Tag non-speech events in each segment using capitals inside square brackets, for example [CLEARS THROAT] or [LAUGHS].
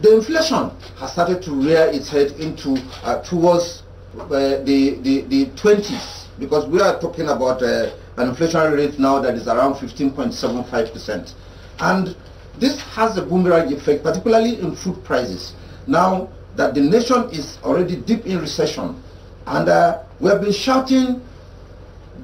the inflation has started to rear its head into uh, towards uh, the, the, the 20s because we are talking about uh, an inflationary rate now that is around 15.75%. And this has a boomerang effect, particularly in food prices. Now that the nation is already deep in recession, and uh, we have been shouting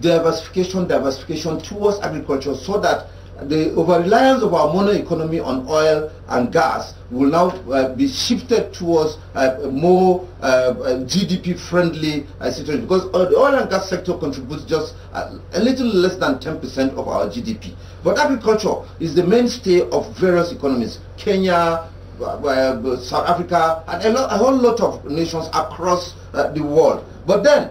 diversification, diversification towards agriculture so that the over-reliance of our mono economy on oil and gas will now uh, be shifted towards uh, more uh, GDP-friendly uh, situation because the oil and gas sector contributes just a, uh, a little less than 10% of our GDP. But agriculture is the mainstay of various economies, Kenya, uh, South Africa, and a, lot, a, whole lot of nations across the world. But then,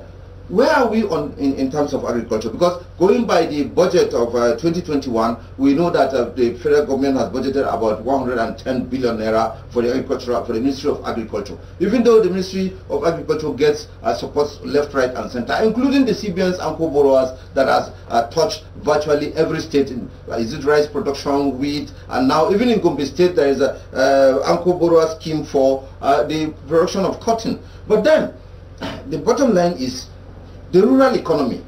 where are we on in, in, terms of agriculture? Because going by the budget of uh, 2021, we know that uh, the federal government has budgeted about 110 billion naira for the agriculture for the Ministry of Agriculture. Even though the Ministry of Agriculture gets uh, left, right, and center, including the CBNs and co-borrowers that has uh, touched virtually every state. In, uh, is it rice production, wheat, and now even in Gombe State there is a uh, borrower scheme for uh, the production of cotton. But then the bottom line is the rural economy,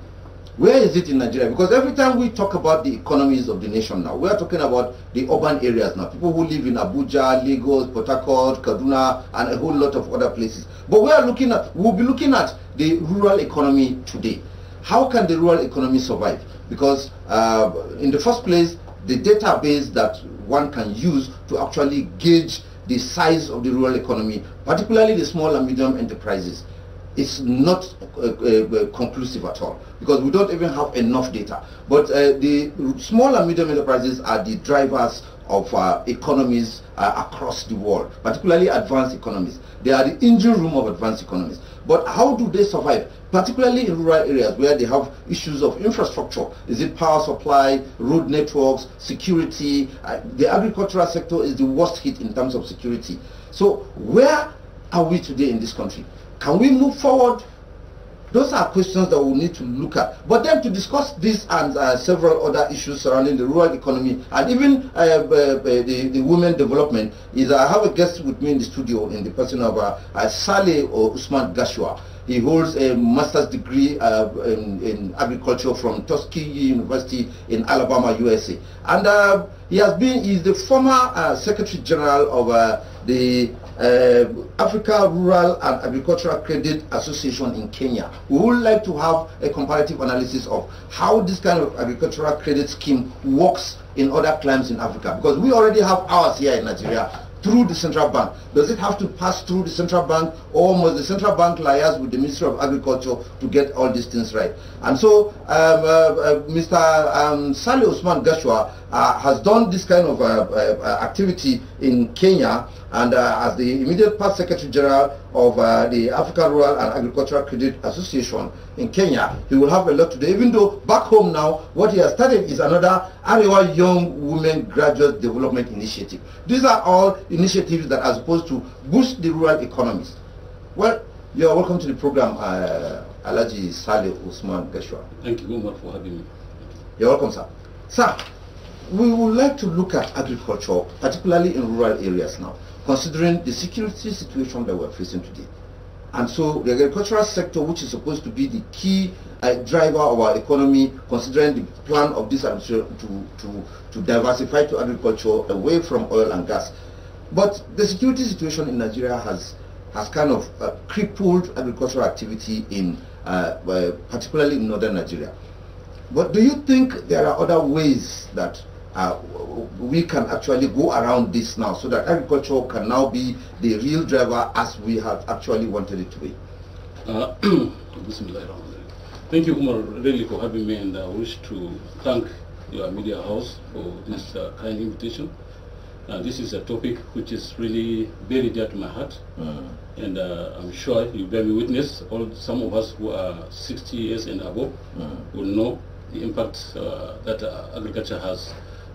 where is it in Nigeria? Because every time we talk about the economies of the nation now, we are talking about the urban areas now. People who live in Abuja, Lagos, Port Harcourt, Kaduna, and a whole lot of other places. But we are looking at, we'll be looking at the rural economy today. How can the rural economy survive? Because uh, in the first place, the database that one can use to actually gauge the size of the rural economy, particularly the small and medium enterprises, is not uh, uh, uh, conclusive at all because we don't even have enough data. But the small and medium enterprises are the drivers of uh, economies uh, across the world, particularly advanced economies. They are the engine room of advanced economies. But how do they survive, particularly in rural areas where they have issues of infrastructure? Is it power supply, road networks, security? Uh, the agricultural sector is the worst hit in terms of security. So where are we today in this country? Can we move forward? Those are questions that we need to look at. But then to discuss this and uh, several other issues surrounding the rural economy and even uh, the, the women development is I have a guest with me in the studio in the person of uh, uh Saleh or Usman Gashua. He holds a master's degree uh, in, in, agriculture from Tuskegee University in Alabama, USA. And uh, he has been, he's the former uh, Secretary General of uh, the uh, Africa Rural and Agricultural Credit Association in Kenya. We would like to have a comparative analysis of how this kind of agricultural credit scheme works in other climes in Africa because we already have ours here in Nigeria through the central bank. Does it have to pass through the central bank or must the central bank liaise with the Ministry of Agriculture to get all these things right? And so um, uh, uh, Mr. Um, Osman Gashua uh, has done this kind of uh, uh, uh, activity in Kenya and uh, as the immediate past Secretary General of uh, the African Rural and Agricultural Credit Association in Kenya, he will have a lot to do. Even though back home now, what he has started is another Arewa Young Women Graduate Development Initiative. These are all initiatives that are supposed to boost the rural economies. Well, you are welcome to the program, uh, Alaji Saleh Usman Geshwa. Thank you very much for having me. You're welcome, sir. Sir, we would like to look at agriculture, particularly in rural areas now considering the security situation that we're facing today. And so the agricultural sector, which is supposed to be the key uh, driver of our economy, considering the plan of this administration to, to, to diversify to agriculture away from oil and gas. But the security situation in Nigeria has, has kind of uh, crippled agricultural activity in, uh, uh particularly in northern Nigeria. But do you think there are other ways that uh, we can actually go around this now so that agriculture can now be the real driver as we have actually wanted it to be. Uh, [CLEARS THROAT] thank you, Umar, really for having me and I wish to thank your media house for this uh, kind invitation. Uh, this is a topic which is really very dear to my heart mm. and uh, I'm sure you bear me witness, all, some of us who are 60 years and above mm. will know the impact uh, that agriculture has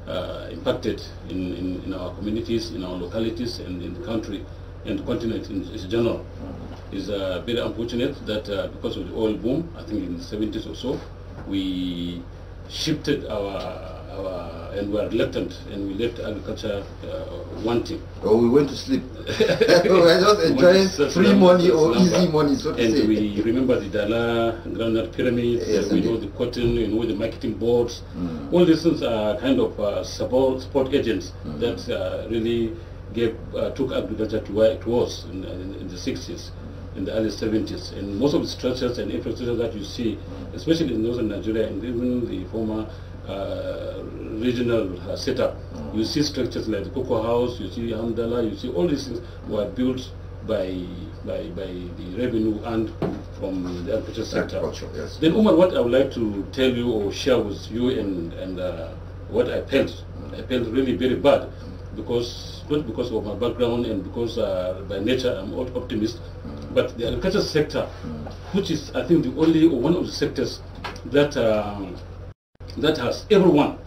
uh, impacted in, in, in, our communities, in our localities, and in the country and the continent in, in general. Mm-hmm. It's uh, very unfortunate that uh, because of the oil boom, I think in the 70s or so, we shifted our our, and we are reluctant and we left agriculture wanting. Uh, or oh, we went to sleep. [LAUGHS] [LAUGHS] We're just enjoying free money or number. easy money, so to and say. we remember the dollar, granite pyramids, yes, we know the cotton, you know the marketing boards. Mm. All these things are kind of uh, support, support agents mm. that uh, really gave, took agriculture to where it was in, in, in the 60s hmm. in the early 70s. And most of the structures and infrastructure that you see, hmm. especially in northern Nigeria and even the former uh, regional uh, setup. Mm. You see structures like the Cocoa House, you see Hamdala, you see all these things were built by by, by the revenue and from the agriculture sector. yes. Then, Umar, what I would like to tell you or share with you and, and uh, what I felt, mm. I felt really very bad because, not because of my background and because uh, by nature I'm an optimist, mm. but the agriculture sector, mm. which is I think the only one of the sectors that um, that has everyone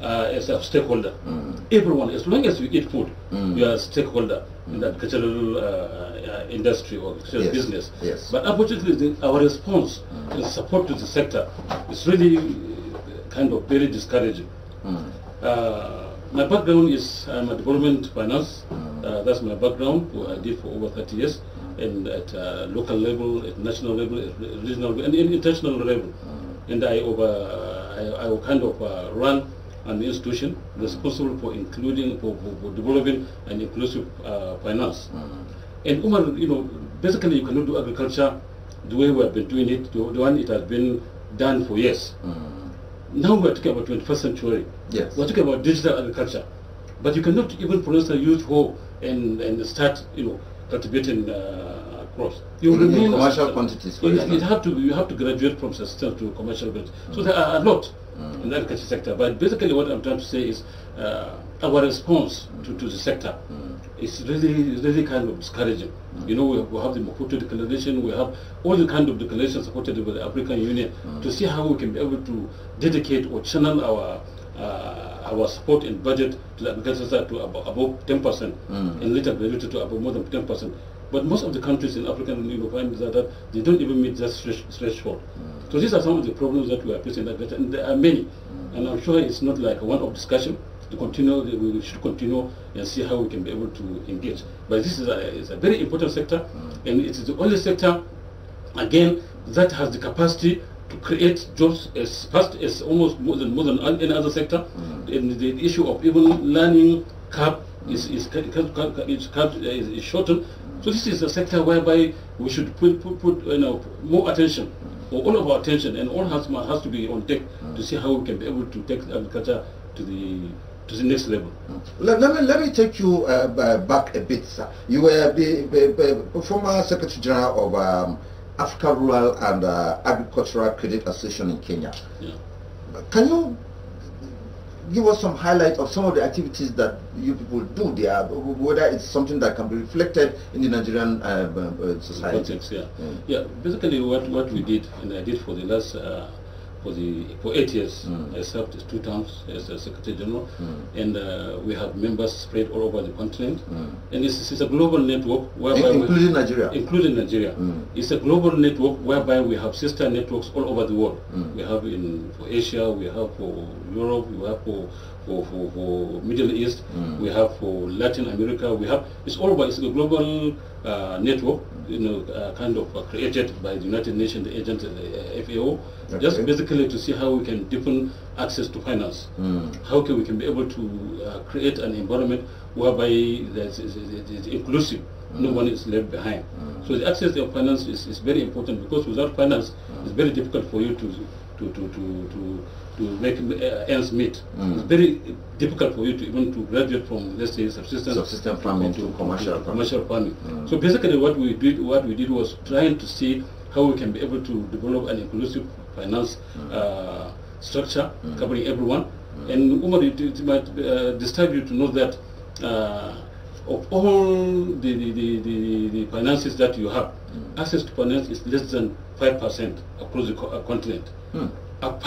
uh, a stakeholder. Mm. Everyone, as long as you eat food, mm. you are a stakeholder mm. in the cultural uh, uh, industry or agricultural yes. business. Yes. But unfortunately, the, our response mm. and support to the sector is really uh, kind of very discouraging. Mm. Uh, my background is I'm a development finance. Mm. Uh, that's my background. I did for over 30 years, and at local level, at national level, at regional, and, and international level, and I over I, I will kind of uh, run an institution responsible for including, for, for, for developing an inclusive uh, finance. Mm-hmm. And you know, basically you cannot do agriculture the way we have been doing it, the, one it has been done for years. Mm-hmm. Now we are talking about 21st century. Yes. We are talking about digital agriculture. But you cannot even, for instance, use hoe and, and start, you know, cultivating uh, you will remain commercial quantities. You, have to you have to graduate from sustainable to commercial goods. So there are a lot mm. in the agriculture sector. But basically, what I'm trying to say is uh, our response to, to the sector mm. is really really kind of discouraging. Mm. You know, we have, we have the Maputo Declaration, we have all the kind of declarations supported by the African Union to see how we can be able to dedicate or channel our uh, our support in budget to the agriculture sector to above, above 10% mm. and later related to above more than 10%. But most of the countries in Africa, and will find that, that they don't even meet that threshold. Mm. So these are some of the problems that we are facing, and there are many. Mm. And I'm sure it's not like one of discussion. To continue, we should continue and see how we can be able to engage. But this is a, a very important sector, mm. and it is the only sector, again, that has the capacity to create jobs as fast as almost more than, more than any other sector. Mm. And the issue of even learning cap is, is, is, is, is shortened so this is a sector whereby we should put, put, put you know, more attention, or all of our attention, and all has, has to be on deck to see how we can be able to take agriculture to the to the next level. Let, let, me, let me take you uh, back a bit, sir. You were the, the former Secretary General of um, Africa Rural and uh, Agricultural Credit Association in Kenya. Yeah. Can you give us some highlights of some of the activities that you people do there, whether it's something that can be reflected in the Nigerian uh, uh, uh society. Context, yeah. Mm. yeah, basically what, what we did, and I did for the last uh, for the for eight years. Mm. I served two terms as a Secretary General, mm. and uh, we have members spread all over the continent. Mm. And this is a global network whereby In, including we, Nigeria, including Nigeria, hmm. it's a global network whereby we have sister networks all over the world. Hmm. We have in for Asia, we have for Europe, we have for for, for, for Middle East, hmm. we have for Latin America, we have it's all about it's a global uh, network, you know, uh, kind of uh, created by the United Nations, the agent, uh, FAO, okay. just basically to see how we can deepen access to finance. Mm. How can we can be able to uh, create an environment whereby it's, inclusive, mm. no hmm. one is left behind. Mm. So the access to finance is, is very important because without finance, hmm. it's very difficult for you to to to to, to to make uh, ends meet. Mm. It's very difficult for you to even to graduate from let's say subsistence, subsistence farming to, commercial, to commercial farming. Mm. So basically, what we did what we did was trying to see how we can be able to develop an inclusive finance mm. uh, structure mm. covering everyone. Mm. And Umar, it, it might uh, disturb you to know that uh, of all the, the, the, the, finances that you have, mm. access to finance is less than 5% across the uh, continent. Hmm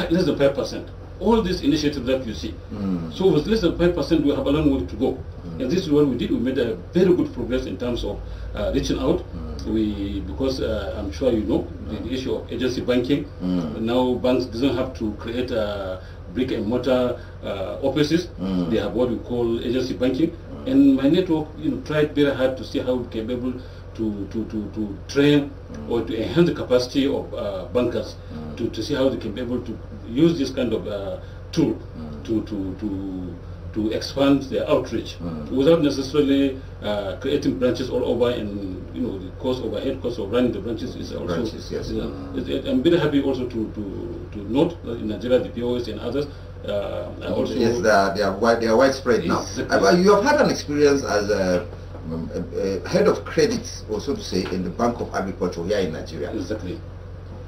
less than 5%. All these initiatives that you see. Mm. So with less than 5%, we have a long way to go. Mm. And this is what we did. We made a very good progress in terms of uh, reaching out. Mm. We, because uh, I'm sure you know, the, hmm. issue of agency banking. Hmm. Now banks doesn't have to create a uh, brick and mortar uh, offices. Hmm. They have what we call agency banking. And my network you know, tried very hard to see how we can be able to, to, to, to train or to mm. enhance the capacity of uh, bankers mm. to, to see how they can be able to use this kind of uh, tool mm. to, to, to, to expand their outreach without necessarily uh, creating branches all over and you know the cost overhead cost of running the branches is also branches, yes. You know, it, I'm very happy also to, to, to note that in Nigeria the POS and others uh, yes, they are, they are, they are widespread exactly. now. Uh, you have had an experience as a um, uh, uh, head of credits, or so to say, in the Bank of Agriculture here in Nigeria. Exactly.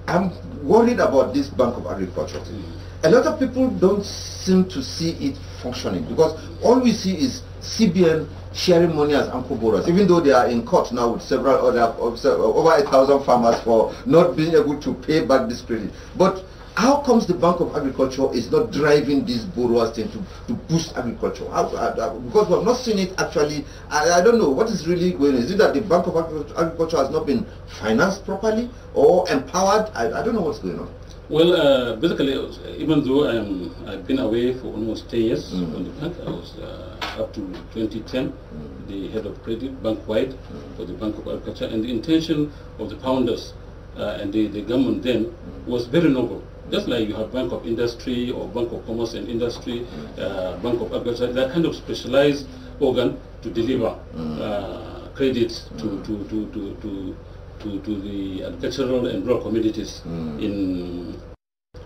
I'm worried about this Bank of Agriculture. Mm. A lot of people don't seem to see it functioning because all we see is CBN sharing money as uncle borrowers, even though they are in court now with several other over a thousand farmers for not being able to pay back this credit. But how comes the Bank of Agriculture is not driving these borrowers thing to, to boost agriculture? How, uh, uh, because we have not seen it actually. I, I, don't know what is really going on. Is it that the Bank of Agriculture has not been financed properly or empowered? I, I don't know what's going on. Well, uh, basically, even though um, I've been away for almost 10 years mm -hmm. from the bank, I was uh, up to 2010, mm -hmm. the head of credit bank-wide mm -hmm. for the Bank of Agriculture, and the intention of the founders uh, and the, the government then mm. was very noble just like you have Bank of Industry or Bank of Commerce and Industry, mm. uh, Bank of Agriculture, that kind of specialized organ to deliver mm. uh, credits to, mm. to, to, to, to, to, to, the agricultural and rural communities in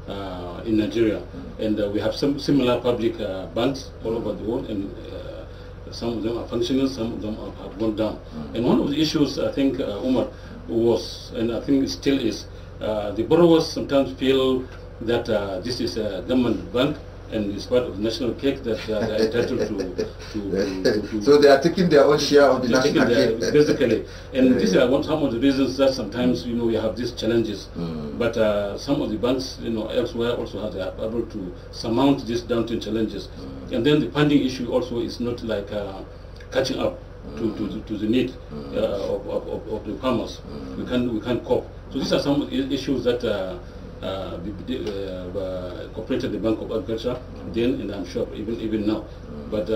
uh, in Nigeria. And uh, we have some similar public uh, banks all over the world and uh, some of them are functioning, some of them have gone down. And one of the issues I think, Umar, was, and I think still is, uh, the borrowers sometimes feel that uh, this is a government bank and it's part of the national cake that uh, they are entitled to, to, to, to, So they are taking their own share of the national cake. basically. And yeah. is one, some of the reasons that sometimes, you know, we have these challenges. Mm. But uh, some of the banks, you know, elsewhere also have, are able to surmount these downturn challenges. Mm. And then the funding issue also is not like uh, catching up to, to, to the need mm. uh, of, of, of, the farmers. We mm. can't, we can't cope. So these are some issues that uh, uh, uh, uh, cooperated the Bank of Agriculture mm. then and I'm sure even, even now. But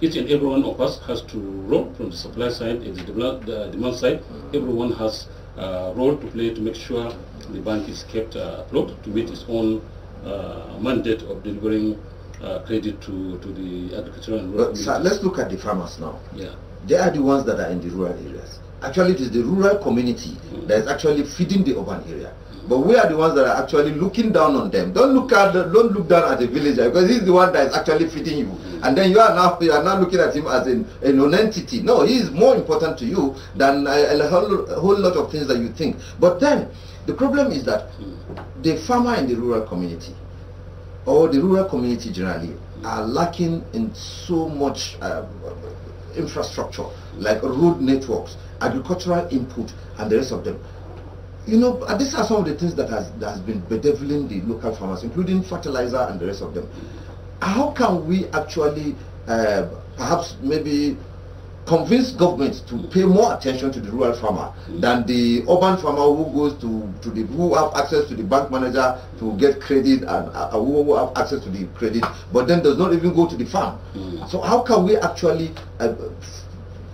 each and every one of us has to roll from the supply side and the demand, side. Everyone has a role to play to make sure the bank is kept afloat to meet its own mandate of delivering uh, credit to, to the agricultural and rural But, sir, let's look at the farmers now. Yeah they are the ones that are in the rural areas. Actually, it is the rural community that is actually feeding the urban area. But we are the ones that are actually looking down on them. Don't look at the, don't look down at the villager because he's the one that is actually feeding you. And then you are now you are now looking at him as an, a non-entity. No, he is more important to you than a, a, whole, a whole lot of things that you think. But then the problem is that the farmer in the rural community or the rural community generally are lacking in so much um, infrastructure, like road networks, agricultural input, and the rest of them. You know, uh, these are some of the things that has, that has been bedeviling the local farmers, including fertilizer and the rest of them. How can we actually uh, perhaps maybe convince government to pay more attention to the rural farmer than the urban farmer who goes to, to the who have access to the bank manager to get credit and uh, who have access to the credit but then does not even go to the farm mm. so how can we actually uh,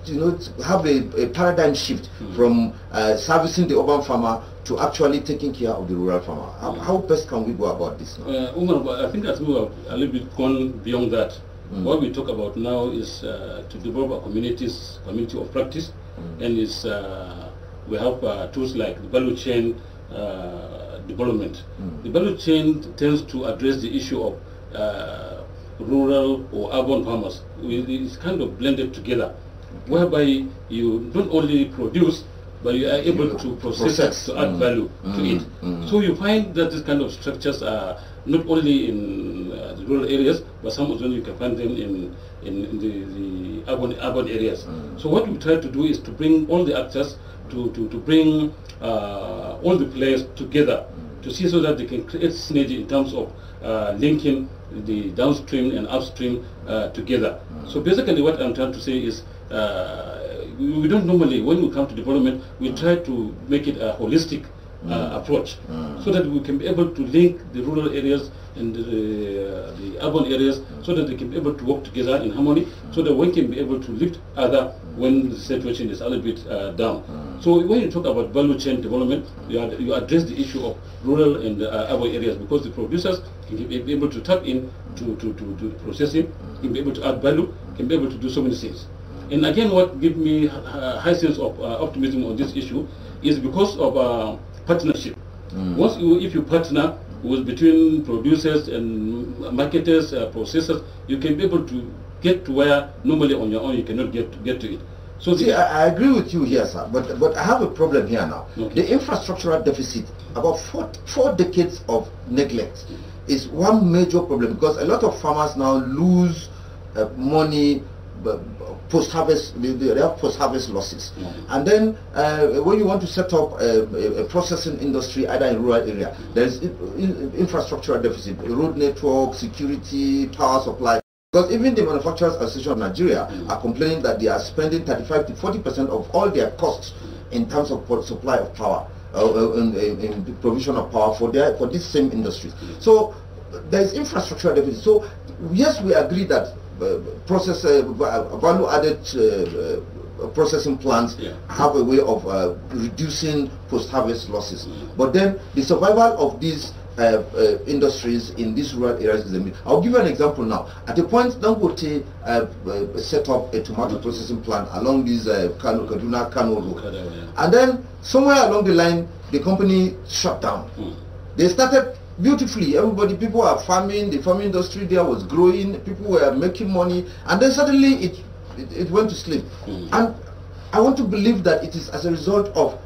you know have a, a paradigm shift mm. from uh, servicing the urban farmer to actually taking care of the rural farmer how, mm. how best can we go about this now? Uh, Umar, I think as we have a little bit gone beyond that Mm. What we talk about now is uh, to develop a communities, community of practice, mm. and is uh, we have uh, tools like the value chain uh, development. Mm. The value chain tends to address the issue of uh, rural or urban farmers. It's kind of blended together, okay. whereby you don't only produce, but you are able you to process, process, it to add value to mm. it. Mm. So you find that these kind of structures are not only in rural areas, but some of them you can find them in, in, in the, the urban, urban areas. Mm. So what we try to do is to bring all the actors, to, to, to bring uh, all the players together mm. to see so that they can create synergy in terms of uh, linking the downstream and upstream uh, together. Mm. So basically what I'm trying to say is uh, we don't normally, when we come to development, we try to make it a uh, holistic uh, approach so that we can be able to link the rural areas and the, uh, the urban areas so that they can be able to work together in harmony so that one can be able to lift other when the situation is a little bit uh, down. So when you talk about value chain development, you, ad you address the issue of rural and uh, urban areas because the producers can be able to tap in to, to, to, to processing, can be able to add value, can be able to do so many things. And again, what gives me a uh, high sense of uh, optimism on this issue is because of partnership. Mm. Once you, if you partner with between producers and marketers, uh, processors, you can be able to get to where normally on your own you cannot get to, get to it. So see, I, I, agree with you here, sir, but but I have a problem here now. Okay. The infrastructural deficit, about four four decades of neglect, is one major problem because a lot of farmers now lose uh, money post-harvest, they have post-harvest losses. Mm -hmm. And then uh, when you want to set up a, a processing industry, either in rural area, there's infrastructure deficit, road network, security, power supply. Because even the Manufacturers Association of Nigeria mm. are complaining that they are spending 35 to 40% of all their costs in terms of supply of power, uh, uh in, in, provision of power for, their, for these same industries. Mm. So there's infrastructure deficit. So yes, we agree that uh, process uh, uh, value added processing plants yeah. have a way of uh, reducing post-harvest losses. Mm. But then the survival of these uh, uh, industries in these rural areas is the main. I'll give you an example now. At a point, Dangote uh, set up a tomato processing plant along this Kano, Kaduna Kano road. And then somewhere along the line, the company shut down. Mm. They started beautifully. Everybody, people are farming. The farming industry there was growing. People were making money, and then suddenly it it, it went to sleep. Mm. And I want to believe that it is as a result of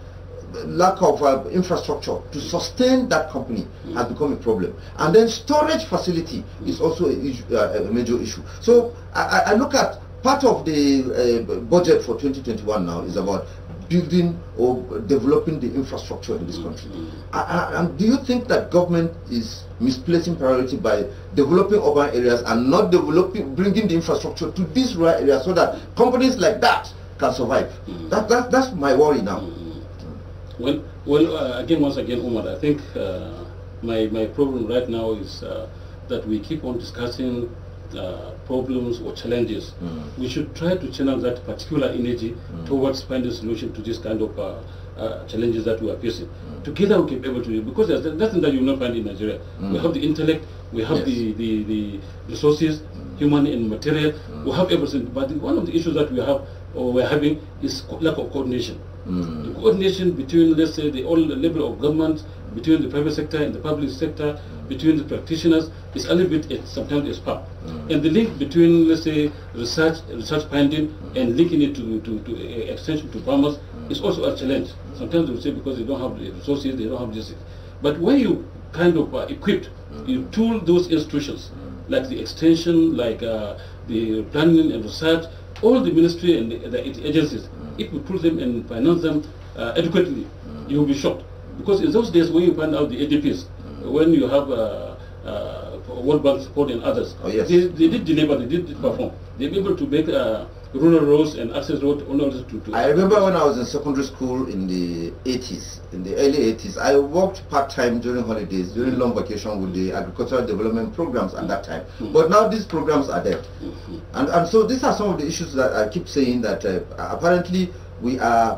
lack of uh, infrastructure to sustain that company mm. has become a problem. And then storage facility mm. is also a, uh, a, major issue. So I, I look at part of the uh, budget for 2021 now is about building or developing the infrastructure in this country. Mm. And do you think that government is misplacing priority by developing urban areas and not developing, bringing the infrastructure to these rural areas so that companies like that can survive? Mm. That, that, that's my worry now. Mm. Well, well uh, again, once again, Umar, I think uh, my, my problem right now is uh, that we keep on discussing uh, problems or challenges, mm. we should try to channel that particular energy mm. towards finding solution to this kind of uh, uh, challenges that we are facing. Mm. Together we can be able to do because there's nothing that you will not find in Nigeria. We mm. have the intellect, we have yes. the, the, the, resources, mm. human and material, mm. we have everything. But one of the issues that we have or we're having is lack of coordination. The coordination between, let's say, the all level of government, between the private sector and the public sector, between the practitioners is a little bit, sometimes a part. Mm. And the link between, let's say, research, research finding mm. and linking it to, to, to uh, extension to farmers mm. is also a challenge. Mm. Sometimes they say because they don't have the resources, they don't have this. But when you kind of equip, uh, equipped, you mm. tool those institutions, mm. like the extension, like uh, the planning and research, all the ministry and the, the agencies, if you put them and finance them uh, adequately, you will be shocked. Because in those days, when you find out the ADPs, when you have uh, uh, World Bank support and others, oh, yes. they, they did deliver, they did perform. They were able to make uh, rural roads and access roads to, to... I remember when I was in secondary school in the 80s, in the early 80s, I worked part-time during holidays, during mm -hmm. long vacation with the agricultural development programs at that time. Mm -hmm. But now these programs are dead. Mm -hmm. And, and so these are some of the issues that I keep saying that uh, apparently we are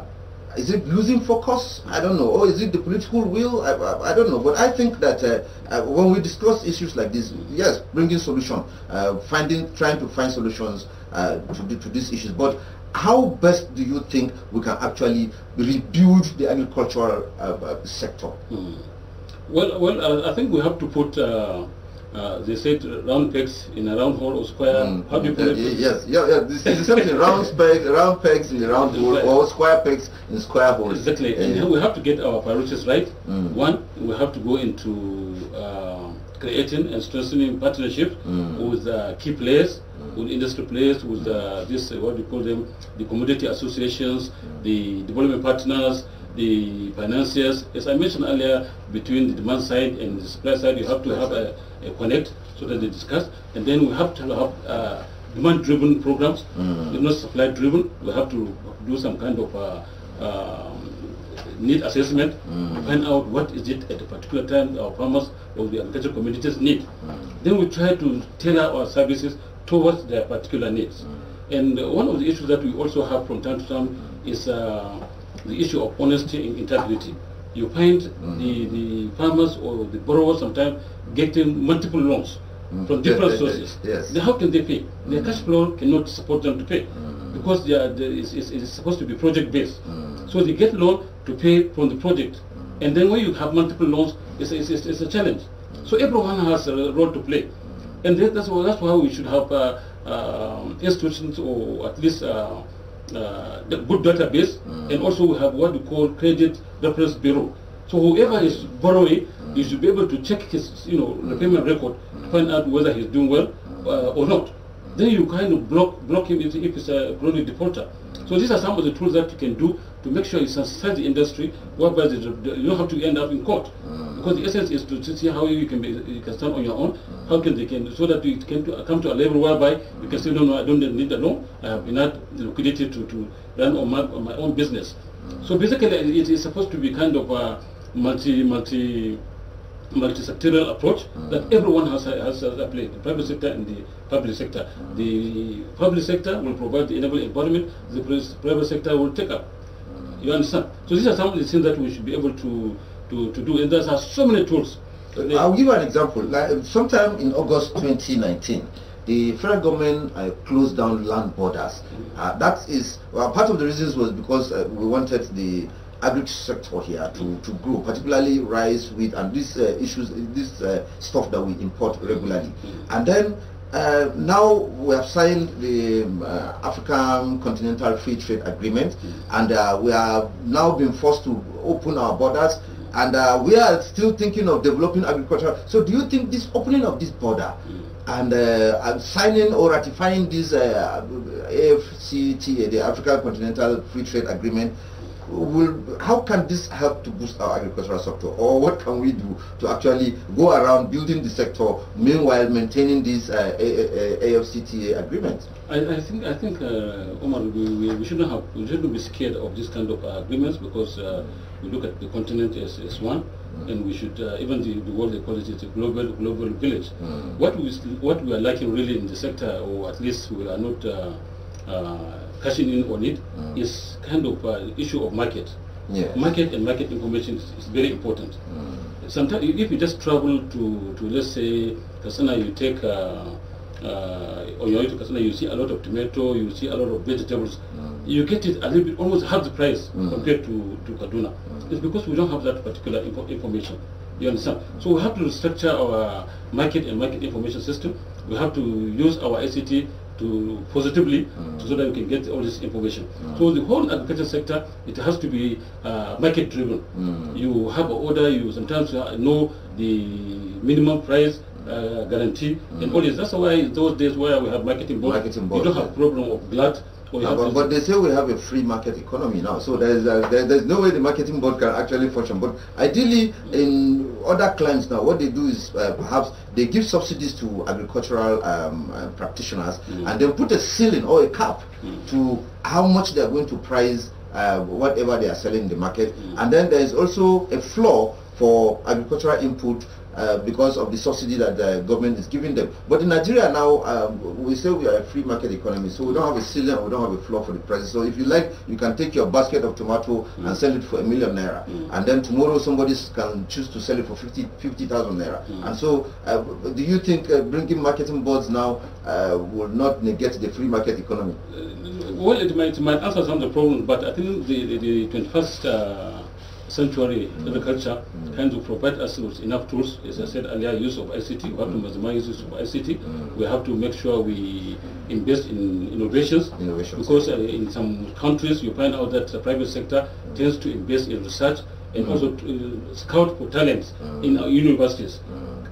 is it losing focus? I don't know. Or is it the political will? I, I, I don't know. But I think that uh, uh when we discuss issues like this, yes, bringing solution, uh, finding, trying to find solutions uh, to, the, to these issues. But how best do you think we can actually rebuild the agricultural uh, sector? Hmm. Well, well, I think we have to put uh, they said round pegs in a round hole or square. Mm. How do you put it? Yes, yeah, yeah. This is something [LAUGHS] round pegs, round pegs in a round hole, or square pegs in square holes. Exactly. Yeah, and yeah. we have to get our priorities right. Mm. One, we have to go into uh, creating and strengthening partnership mm. with uh, key players, mm. with industry players, with uh, this what do you call them, the community associations, mm. the development partners the financiers, as I mentioned earlier, between the demand side and the supply side, you have to have a, a connect so that they discuss, and then we have to have uh, demand-driven programs, mm. they not supply-driven. We have to do some kind of uh, um, need assessment mm. to find out what is it at a particular time our farmers or the agricultural communities need. Mm. Then we try to tailor our services towards their particular needs. Mm. And one of the issues that we also have from time to time is uh, the issue of honesty and integrity. You find mm. the, the farmers or the borrowers sometimes getting multiple loans mm. from different sources. Yes. Then how can they pay? Their mm. cash flow cannot support them to pay because they are, they, it's, it's, supposed to be project based. So they get loan to pay from the project. And then when you have multiple loans, it's, it's, it's, a challenge. So everyone has a role to play. And that's, that's why we should have uh, uh, institutions or at least uh, uh, good database, mm. and also we have what we call credit reference bureau. So whoever is borrowing, mm. you should be able to check his, you know, repayment mm. record to find out whether he's doing well mm. uh, or not. Then you kind of block block him if, if he's a chronic defaulter. Mm. So these are some of the tools that you can do to make sure you sustain the industry, whereby the, you don't have to end up in court. Mm. Because the essence is to, see how you can be, you can stand on your own, mm. how can they can, so that you can to, uh, come to a level whereby mm. you can say, no, no, I don't need a loan, I have enough liquidity to, to run on my, on my own business. Ah. So basically, it is supposed to be kind of a multi, multi, multi-sectorial approach ah. that everyone has, has, has applied, the private sector and the public sector. The public sector will provide the enabling environment, the private sector will take up you understand? So these are some of the things that we should be able to, to, to do. And there are so many tools. I'll give you an example. Like sometime in August 2019, the federal government uh, closed down land borders. Uh, that is well, part of the reasons was because uh, we wanted the agri sector here to, to grow, particularly rice, wheat, and these uh, issues, this uh, stuff that we import regularly. And then uh, now we have signed the uh, African Continental Free Trade Agreement mm. and uh, we have now been forced to open our borders and uh, we are still thinking of developing agriculture. So do you think this opening of this border mm. uh, and, signing or ratifying this AFCTA, uh, the African Continental Free Trade Agreement, will, how can this help to boost our agricultural sector? Or what can we do to actually go around building the sector, meanwhile maintaining these uh, AFCTA agreements? I, I, think, I think uh, Omar, we, we, shouldn't have, we shouldn't be scared of this kind of uh, agreements because uh, we look at the continent as, as one. Mm. And we should uh, even the, the world equality is a global global village. Mm. What we what we are lacking really in the sector, or at least we are not uh, uh cashing in on it mm. is kind of an uh, issue of market. Yes. Market and market information is, is very important. Mm. Sometimes if you just travel to, to let's say Kasana, you take uh, uh, on your way to Kasana, you see a lot of tomato, you see a lot of vegetables. Mm. You get it a little bit almost half the price mm. compared to, to Kaduna. Mm. It's because we don't have that particular info information. You understand? Mm. So we have to restructure our market and market information system. We have to use our ICT to positively mm. so that we can get all this information. Mm. So the whole agriculture sector, it has to be uh, market driven. Mm. You have an order, you sometimes uh, know the minimum price uh, guarantee and mm. all this. That's why those days where we have marketing board, marketing board you don't have problem of glut but, but they say we have a free market economy now, so there's a, uh, there, there's no way the marketing board can actually function. But ideally, in other clients now, what they do is uh, perhaps they give subsidies to agricultural um, uh, practitioners, mm. and they put a ceiling or a cap mm. to how much they are going to price uh, whatever they are selling in the market, mm. and then there is also a floor for agricultural input uh, because of the subsidy that the government is giving them. But in Nigeria now, um, we say we are a free market economy, so we don't have a ceiling, we don't have a floor for the prices. So if you like, you can take your basket of tomato mm. and sell it for a million naira, mm. and then tomorrow somebody can choose to sell it for 50,000 50, naira. Mm. And so, uh, do you think uh, bringing marketing boards now uh, will not negate the free market economy? Uh, well, it might, it might answer some of the problems, but I think the, the, the 21st sanctuary agriculture trying to provide us with enough tools. As I said earlier, use of ICT, we have to maximize use of ICT. Mm. We have to make sure we invest in innovations, innovations. because uh, in some countries you find out that the private sector tends to invest in research and mm. also to, uh, scout for talents mm. in our uh, universities.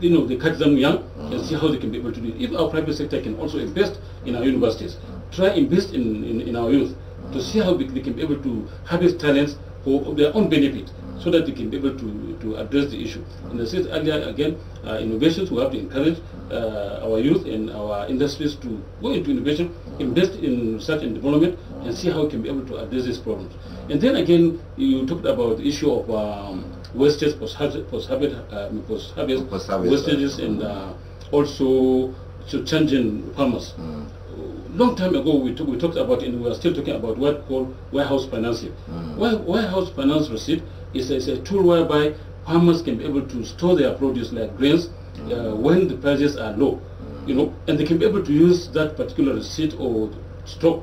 You know, they catch them young and see how they can be able to do it. If our private sector can also invest in our universities, try invest in, in, in our youth to see how we, they can be able to harvest talents for their own benefit so that they can be able to, to address the issue. And I said earlier, again, uh, innovations, we have to encourage uh, our youth and our industries to go into innovation, invest in research and development, and see how we can be able to address these problems. And then again, you talked about the issue of um, wastage, post-harvest, post-harvest, uh, post-harvest, wastages, uh, and uh-huh. uh, also to changing farmers. Mm long time ago we, we talked about and we are still talking about what called warehouse financing. Mm. Warehouse finance receipt is a, is a tool whereby farmers can be able to store their produce like grains mm. uh, when the prices are low, mm. you know, and they can be able to use that particular receipt or stock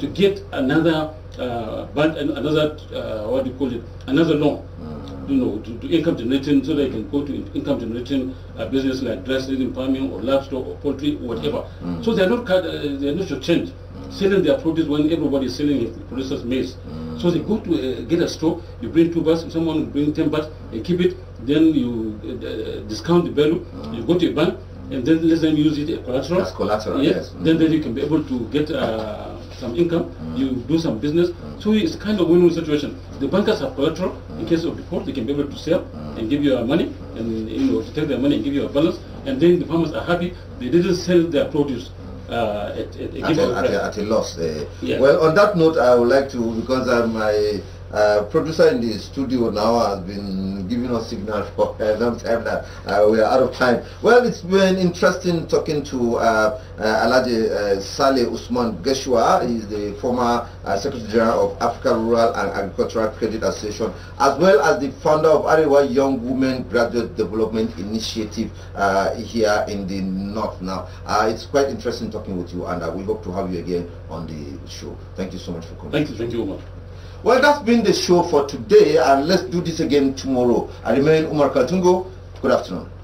to get another, uh, but another, uh, what do you call it, another loan mm you know, to, to income generating so they can go to income generating uh, business like dressing, farming or livestock or poultry or whatever. Mm. So they're not, uh, they're not shortchanged mm. selling their produce when everybody is selling producers maize. Mm. So they go to uh, get a store, you bring two bags, someone will bring 10 bags and keep it, then you uh, uh discount the value, mm. you go to a bank and then let them use it as collateral. As collateral, yeah. yes. Then, then you can be able to get uh, some income, mm. you do some business. Mm. So it's kind of win-win situation. The bankers have collateral in mm. case of default, they can be able to sell and give you our money and you know to take their money and give you a balance. And then the farmers are happy. They didn't sell their produce. Uh, at, at, at, a, a, at, a, loss. Uh, yeah. Well, on that note, I would like to because uh, my uh, producer in the studio now has been giving us signals [LAUGHS] for a long time now. Uh, we are out of time. Well, it's been interesting talking to uh, uh, Alaji uh, Saleh Usman Geshua. He's the former uh, Secretary General of Africa Rural and Agricultural Credit Association, as well as the founder of Arewa Young Women Graduate Development Initiative uh, here in the North now. Uh, it's quite interesting talking with you, and we hope to have you again on the show. Thank you so much for coming. Thank you. Thank you, Omar. Well, that's been the show for today, and let's do this again tomorrow. I remain Umar Kaltungo. Good afternoon.